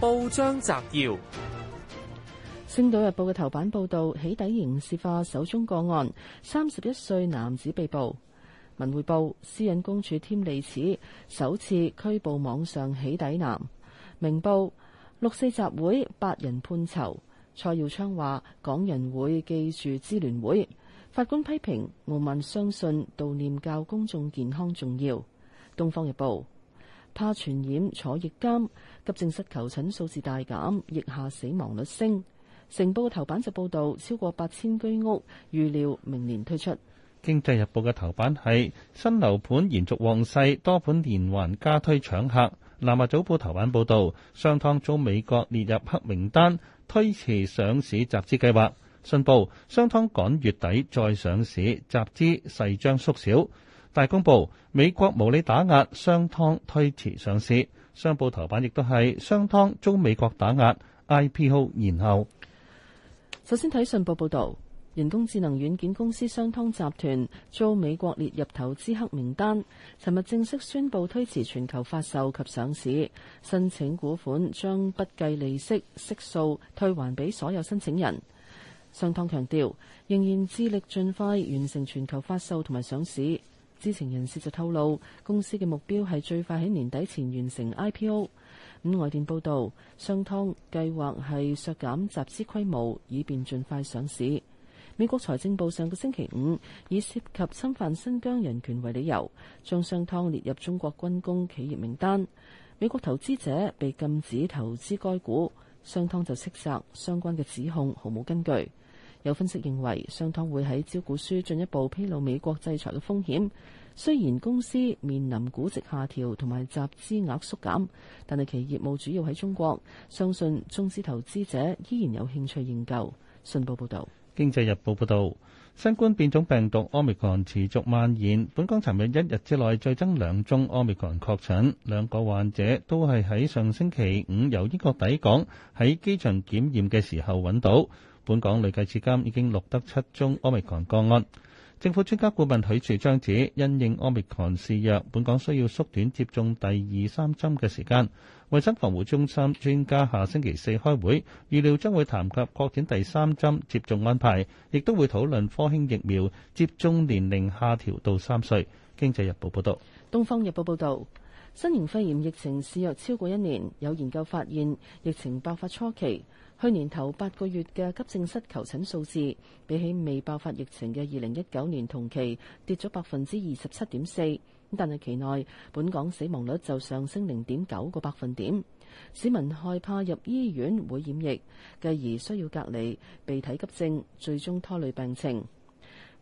報章摘要：《星島日報》嘅頭版報道起底刑事化首宗個案，三十一歲男子被捕。《文匯報》私隱公署添利齒，首次拘捕網上起底男。《明報》六四集會八人判囚。蔡耀昌話：港人會記住支聯會。法官批評傲慢，相信悼念教公眾健康重要。《東方日報》。怕傳染坐疫監，急症室求診數字大減，疫下死亡率升。成報嘅頭版就報導，超過八千居屋預料明年推出。經濟日報嘅頭版係新樓盤延續旺勢，多盤連環加推搶客。南華早報頭版報導，商湯遭美國列入黑名單，推遲上市集資計劃。信報，商湯趕月底再上市集資勢將縮小。大公報，美國無理打壓，商湯推遲上市。商報頭版亦都係商湯遭美國打壓，I P O 然後。首先睇信報報道，人工智能軟件公司商湯集團遭美國列入投資黑名單，尋日正式宣布推遲全球發售及上市，申請股款將不計利息悉數退還俾所有申請人。商湯強調，仍然致力盡快完成全球發售同埋上市。知情人士就透露，公司嘅目標係最快喺年底前完成 IPO。咁外電報道，商湯計劃係削減集資規模，以便盡快上市。美國財政部上個星期五以涉及侵犯新疆人權為理由，將商湯列入中國軍工企業名單。美國投資者被禁止投資該股，商湯就斥責相關嘅指控毫無根據。有分析認為，商湯會喺招股書進一步披露美國制裁嘅風險。雖然公司面臨估值下調同埋集資額縮減，但係其業務主要喺中國，相信中資投資者依然有興趣研究。信報報導。《經濟日報》報道，新冠變種病毒 Omicron 持續蔓延。本港尋日一日之內再增兩宗 Omicron 確診，兩個患者都係喺上星期五由英國抵港，喺機場檢驗嘅時候揾到。本港累計至今已經錄得七宗 Omicron 個案。政府專家顧問許樹昌指，因應 Omicron 肆虐，本港需要縮短接種第二、三針嘅時間。衞生防護中心專家下星期四開會，預料將會談及擴展第三針接種安排，亦都會討論科興疫苗接種年齡下調到三歲。經濟日報報導。東方日報報導，新型肺炎疫情肆虐超過一年，有研究發現，疫情爆發初期，去年頭八個月嘅急症室求診數字，比起未爆發疫情嘅二零一九年同期跌咗百分之二十七點四。但係期內，本港死亡率就上升零點九個百分點。市民害怕入醫院會染疫，繼而需要隔離、避睇急症，最終拖累病情。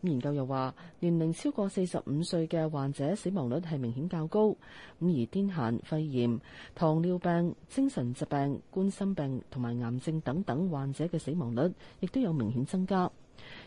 研究又話，年齡超過四十五歲嘅患者死亡率係明顯較高。咁而癲癇、肺炎、糖尿病、精神疾病、冠心病同埋癌症等等患者嘅死亡率亦都有明顯增加。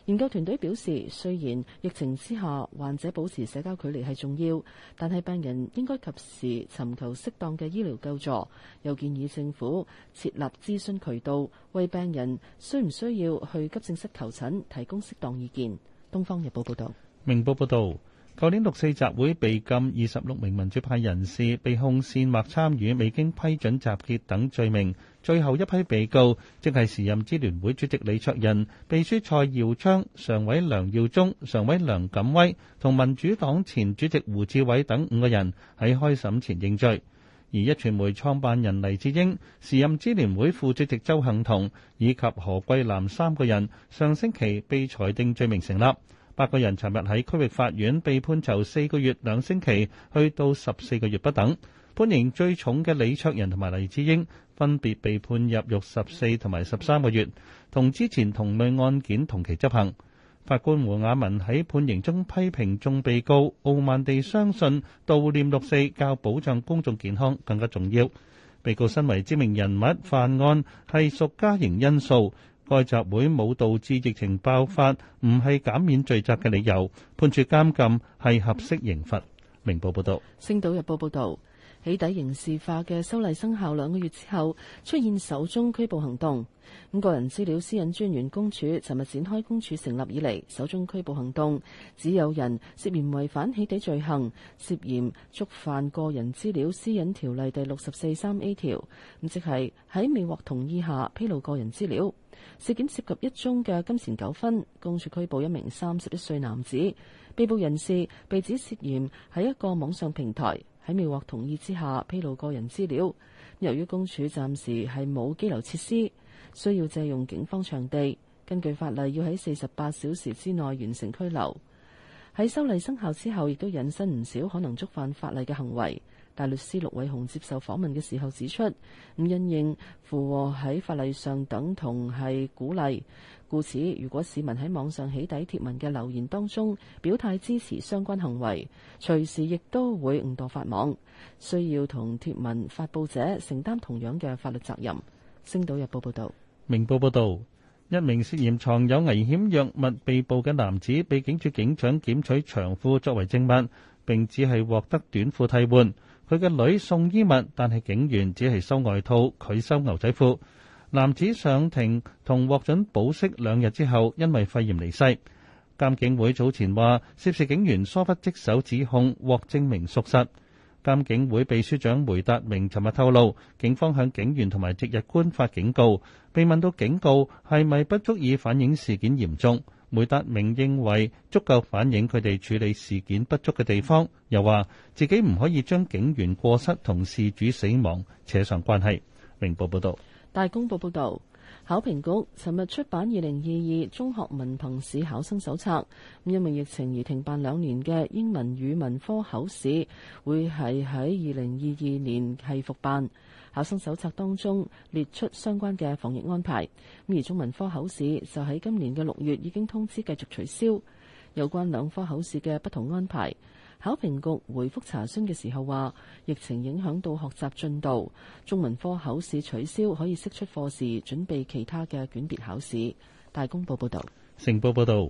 研究團隊表示，雖然疫情之下患者保持社交距離係重要，但係病人應該及時尋求適當嘅醫療救助。又建議政府設立諮詢渠道，為病人需唔需要去急症室求診提供適當意見。《東方日報》報道：《明報》報道，舊年六四集會被禁，二十六名民主派人士被控煽惑參與未經批准集結等罪名，最後一批被告即係時任支聯會主席李卓人、秘書蔡耀昌、常委梁耀忠、常委梁錦威同民主黨前主席胡志偉等五個人喺開審前認罪。而壹傳媒創辦人黎智英、時任支聯會副主席，席周幸彤以及何桂藍三個人上星期被裁定罪名成立，八個人尋日喺區域法院被判囚四個月兩星期，去到十四個月不等。判刑最重嘅李卓人同埋黎智英分別被判入獄十四同埋十三個月，同之前同類案件同期執行。法官胡雅文喺判刑中批評眾被告傲慢地相信《悼念六四》較保障公眾健康更加重要。被告身為知名人物，犯案係屬加刑因素。該集會冇導致疫情爆發，唔係減免罪責嘅理由。判處監禁係合適刑罰。明報報道，《星島日報》報道。起底刑事化嘅修例生效兩個月之後出現首宗拘捕行動，咁個人資料私隱專員公署尋日展開公署成立以嚟首宗拘捕行動，指有人涉嫌違反起底罪行，涉嫌觸犯個人資料私隱條例第六十四三 A 條，咁即係喺未獲同意下披露個人資料。事件涉及一宗嘅金錢糾紛，公署拘捕一名三十一歲男子，被捕人士被指涉嫌喺一個網上平台。喺未獲同意之下披露個人資料，由於公署暫時係冇羈留設施，需要借用警方場地。根據法例，要喺四十八小時之內完成拘留。喺修例生效之後，亦都引申唔少可能觸犯法例嘅行為。大律師陸偉雄接受訪問嘅時候指出，唔應認附和喺法例上等同係鼓勵，故此如果市民喺網上起底貼文嘅留言當中表態支持相關行為，隨時亦都會誤墮法網，需要同貼文發布者承擔同樣嘅法律責任。《星島日報》報道，《明報》報道，一名涉嫌藏有危險藥物被捕嘅男子，被警署警長檢取長褲作為證物，並只係獲得短褲替換。佢嘅女送衣物，但係警員只係收外套，拒收牛仔褲，男子上庭同獲准保釋兩日之後，因為肺炎離世。監警會早前話涉事警員疏忽職守，指控獲證明屬實，監警會秘書長梅達明尋日透露，警方向警員同埋值日官發警告。被問到警告係咪不足以反映事件嚴重？梅達明認為足夠反映佢哋處理事件不足嘅地方，又話自己唔可以將警員過失同事主死亡扯上關係。明報報道，大公報報道，考評局尋日出版二零二二中學文憑試考生手冊。因為疫情而停辦兩年嘅英文語文科口試，會係喺二零二二年係復辦。考生手冊當中列出相關嘅防疫安排。而中文科口試就喺今年嘅六月已經通知繼續取消。有關兩科口試嘅不同安排，考評局回覆查詢嘅時候話，疫情影響到學習進度，中文科口試取消可以釋出課時，準備其他嘅卷別考試。大公報報道。成報報道，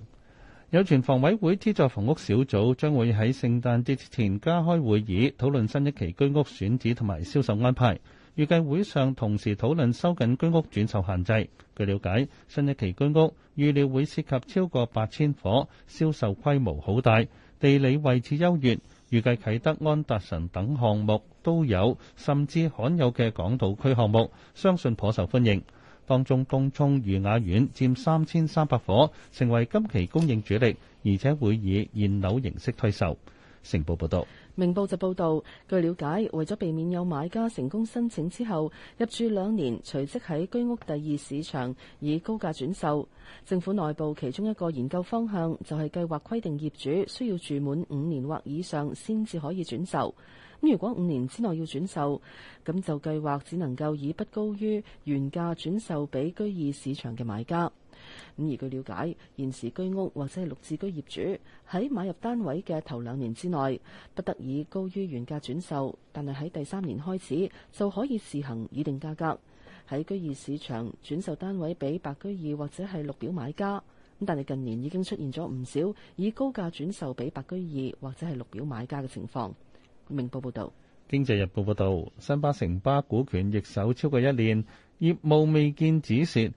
有傳房委會資助房屋小組將會喺聖誕節前加開會議，討論新一期居屋選址同埋銷售安排。預計會上同時討論收緊居屋轉售限制。據了解，新一期居屋預料會涉及超過八千伙，銷售規模好大，地理位置優越。預計啟德安達臣等項目都有，甚至罕有嘅港島區項目，相信頗受歡迎。當中東涌裕雅苑佔三千三百伙，成為今期供應主力，而且會以現樓形式推售。成報報道。明報就報道，據了解，為咗避免有買家成功申請之後入住兩年，隨即喺居屋第二市場以高價轉售，政府內部其中一個研究方向就係計劃規定業主需要住滿五年或以上先至可以轉售。咁如果五年之內要轉售，咁就計劃只能夠以不高於原價轉售俾居二市場嘅買家。咁而據了解，現時居屋或者係綠置居業主喺買入單位嘅頭兩年之內不得以高於原價轉售，但係喺第三年開始就可以實行議定價格喺居二市場轉售單位俾白居二或者係綠表買家。咁但係近年已經出現咗唔少以高價轉售俾白居二或者係綠表買家嘅情況。明報報導，《經濟日報》報導，新巴城巴股權易手超過一年，業務未見止蝕。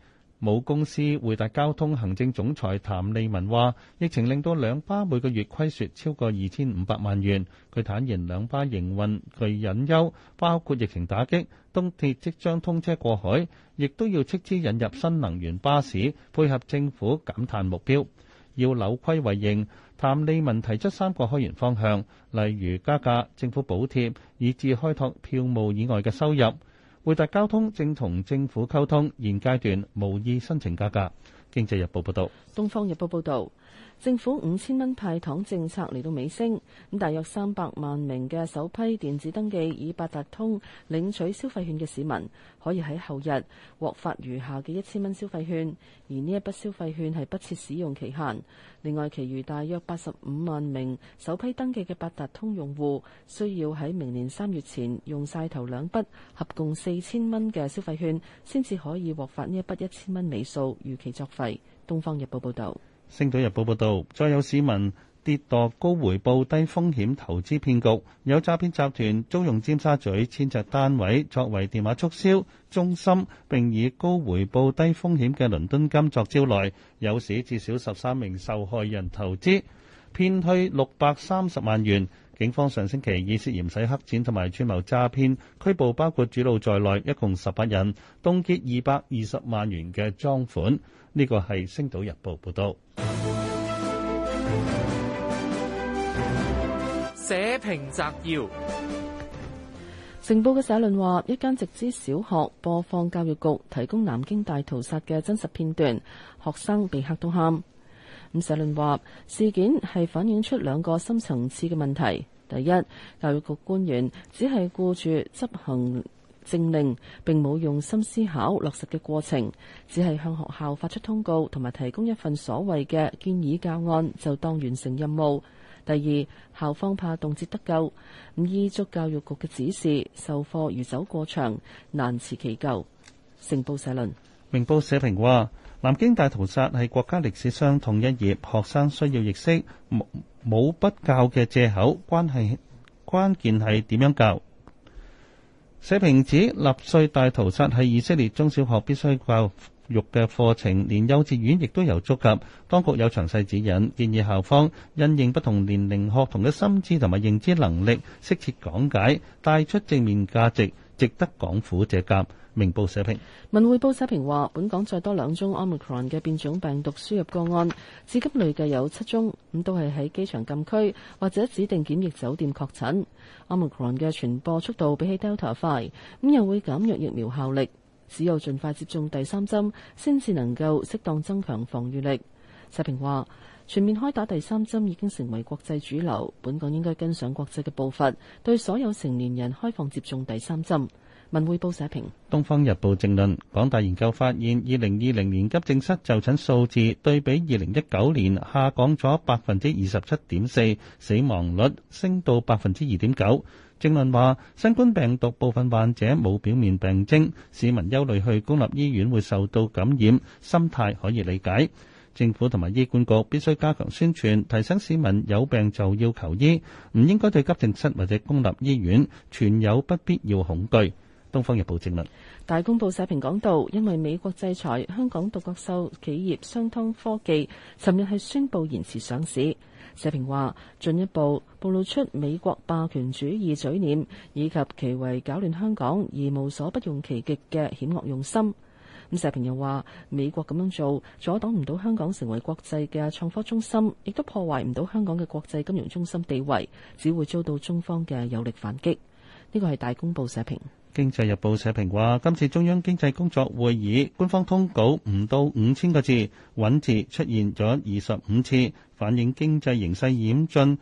母公司回答交通行政總裁譚利文話：疫情令到兩巴每個月虧損超過二千五百萬元。佢坦言兩巴營運具隱憂，包括疫情打擊、東鐵即將通車過海，亦都要斥資引入新能源巴士配合政府減碳目標。要扭虧為盈，譚利文提出三個開源方向，例如加價、政府補貼，以至開拓票務以外嘅收入。匯達交通正同政府溝通，現階段無意申請加價。經濟日報報道。東方日報報導。政府五千蚊派糖政策嚟到尾聲，咁大約三百萬名嘅首批電子登記以八達通領取消費券嘅市民，可以喺後日獲發餘下嘅一千蚊消費券。而呢一筆消費券係不設使用期限。另外，其餘大約八十五萬名首批登記嘅八達通用戶，需要喺明年三月前用晒頭兩筆合共四千蚊嘅消費券，先至可以獲發呢一筆一千蚊尾數，逾期作廢。東方日報報道。星島日報報道，再有市民跌墮高回報低風險投資騙局，有詐騙集團租用尖沙咀千尺單位作為電話促銷中心，並以高回報低風險嘅倫敦金作招徠，誘使至少十三名受害人投資，騙取六百三十萬元。警方上星期以涉嫌洗黑錢同埋串謀詐騙拘捕，包括主腦在內，一共十八人，凍結二百二十萬元嘅贓款。呢個係《星島日報》報道。社評摘要：成報嘅社論話，一間直資小學播放教育局提供南京大屠殺嘅真實片段，學生被嚇到喊。社論話：事件係反映出兩個深層次嘅問題。第一，教育局官員只係顧住執行政令，並冇用心思考落實嘅過程，只係向學校發出通告同埋提供一份所謂嘅建議教案，就當完成任務。第二，校方怕動輒得咎，唔依足教育局嘅指示，授課如走過場，難辭其咎。成報社論。明報社評話。南京大屠殺係國家歷史傷痛一頁，學生需要認識，冇不教嘅藉口。關係關鍵係點樣教。社評指納粹大屠殺係以色列中小學必須教育嘅課程，連幼稚園亦都有觸及。當局有詳細指引，建議校方因應不同年齡學童嘅心智同埋認知能力，適切講解，帶出正面價值。值得港府借鑑。明報社評。文匯報社評話，本港再多兩宗奧密克戎嘅變種病毒輸入個案，至今累計有七宗，咁都係喺機場禁區或者指定檢疫酒店確診。奧密克戎嘅傳播速度比起 Delta 快，咁又會減弱疫苗效力。只有盡快接種第三針先至能夠適當增強防禦力。社評話。全面開打第三針已經成為國際主流，本港應該跟上國際嘅步伐，對所有成年人開放接種第三針。文匯報社評，《東方日報》正論，港大研究發現，二零二零年急症室就診數字對比二零一九年下降咗百分之二十七點四，死亡率升到百分之二點九。正論話，新冠病毒部分患者冇表面病徵，市民憂慮去公立醫院會受到感染，心態可以理解。政府咁社評又話，美國咁樣做，阻擋唔到香港成為國際嘅創科中心，亦都破壞唔到香港嘅國際金融中心地位，只會遭到中方嘅有力反擊。呢個係大公報社評，《經濟日報》社評話，今次中央經濟工作會議官方通稿唔到五千個字，穩字出現咗二十五次，反映經濟形勢嚴峻，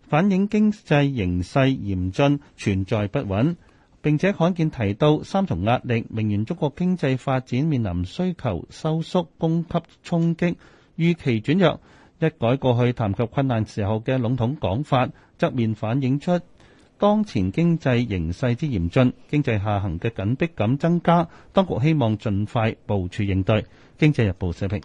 反映經濟形勢嚴峻，存在不穩。並且罕見提到三重壓力，明年中國經濟發展面臨需求收縮、供給衝擊、預期轉弱，一改過去談及困難時候嘅籠統講法，側面反映出當前經濟形勢之嚴峻，經濟下行嘅緊迫感增加，當局希望盡快部署應對。經濟日報社評。